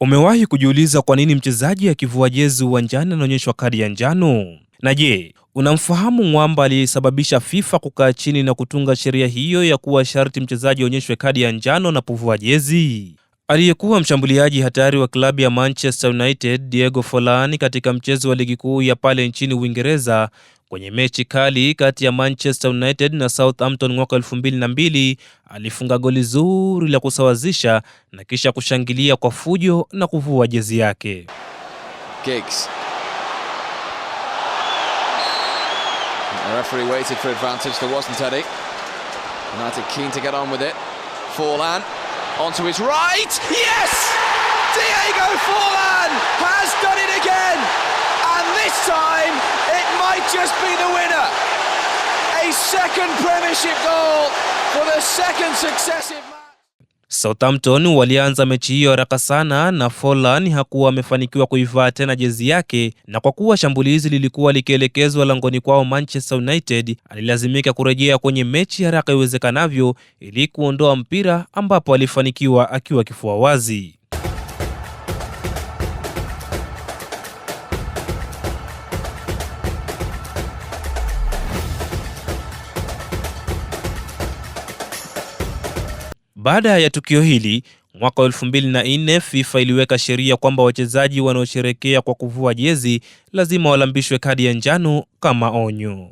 Umewahi kujiuliza kwa nini mchezaji akivua jezi uwanjani anaonyeshwa kadi ya njano? Na je, unamfahamu mwamba aliyesababisha FIFA kukaa chini na kutunga sheria hiyo ya kuwa sharti mchezaji aonyeshwe kadi ya njano anapovua jezi? Aliyekuwa mshambuliaji hatari wa klabu ya Manchester United Diego Forlani katika mchezo wa ligi kuu ya pale nchini Uingereza Kwenye mechi kali kati ya Manchester United na Southampton mwaka 2002 alifunga goli zuri la kusawazisha na kisha kushangilia kwa fujo na kuvua jezi yake. Giggs. The referee waited for advantage, there wasn't any. United keen to get on with it. Forlan onto his right. Yes! Diego Forlan! just be the winner. A second premiership goal for the second successive Southampton walianza mechi hiyo haraka sana na folan hakuwa amefanikiwa kuivaa tena jezi yake, na kwa kuwa shambulizi lilikuwa likielekezwa langoni kwao Manchester United, alilazimika kurejea kwenye mechi haraka iwezekanavyo ili kuondoa mpira ambapo alifanikiwa akiwa kifua wazi. Baada ya tukio hili mwaka wa 2004 FIFA iliweka sheria kwamba wachezaji wanaosherekea kwa kuvua jezi lazima walambishwe kadi ya njano kama onyo.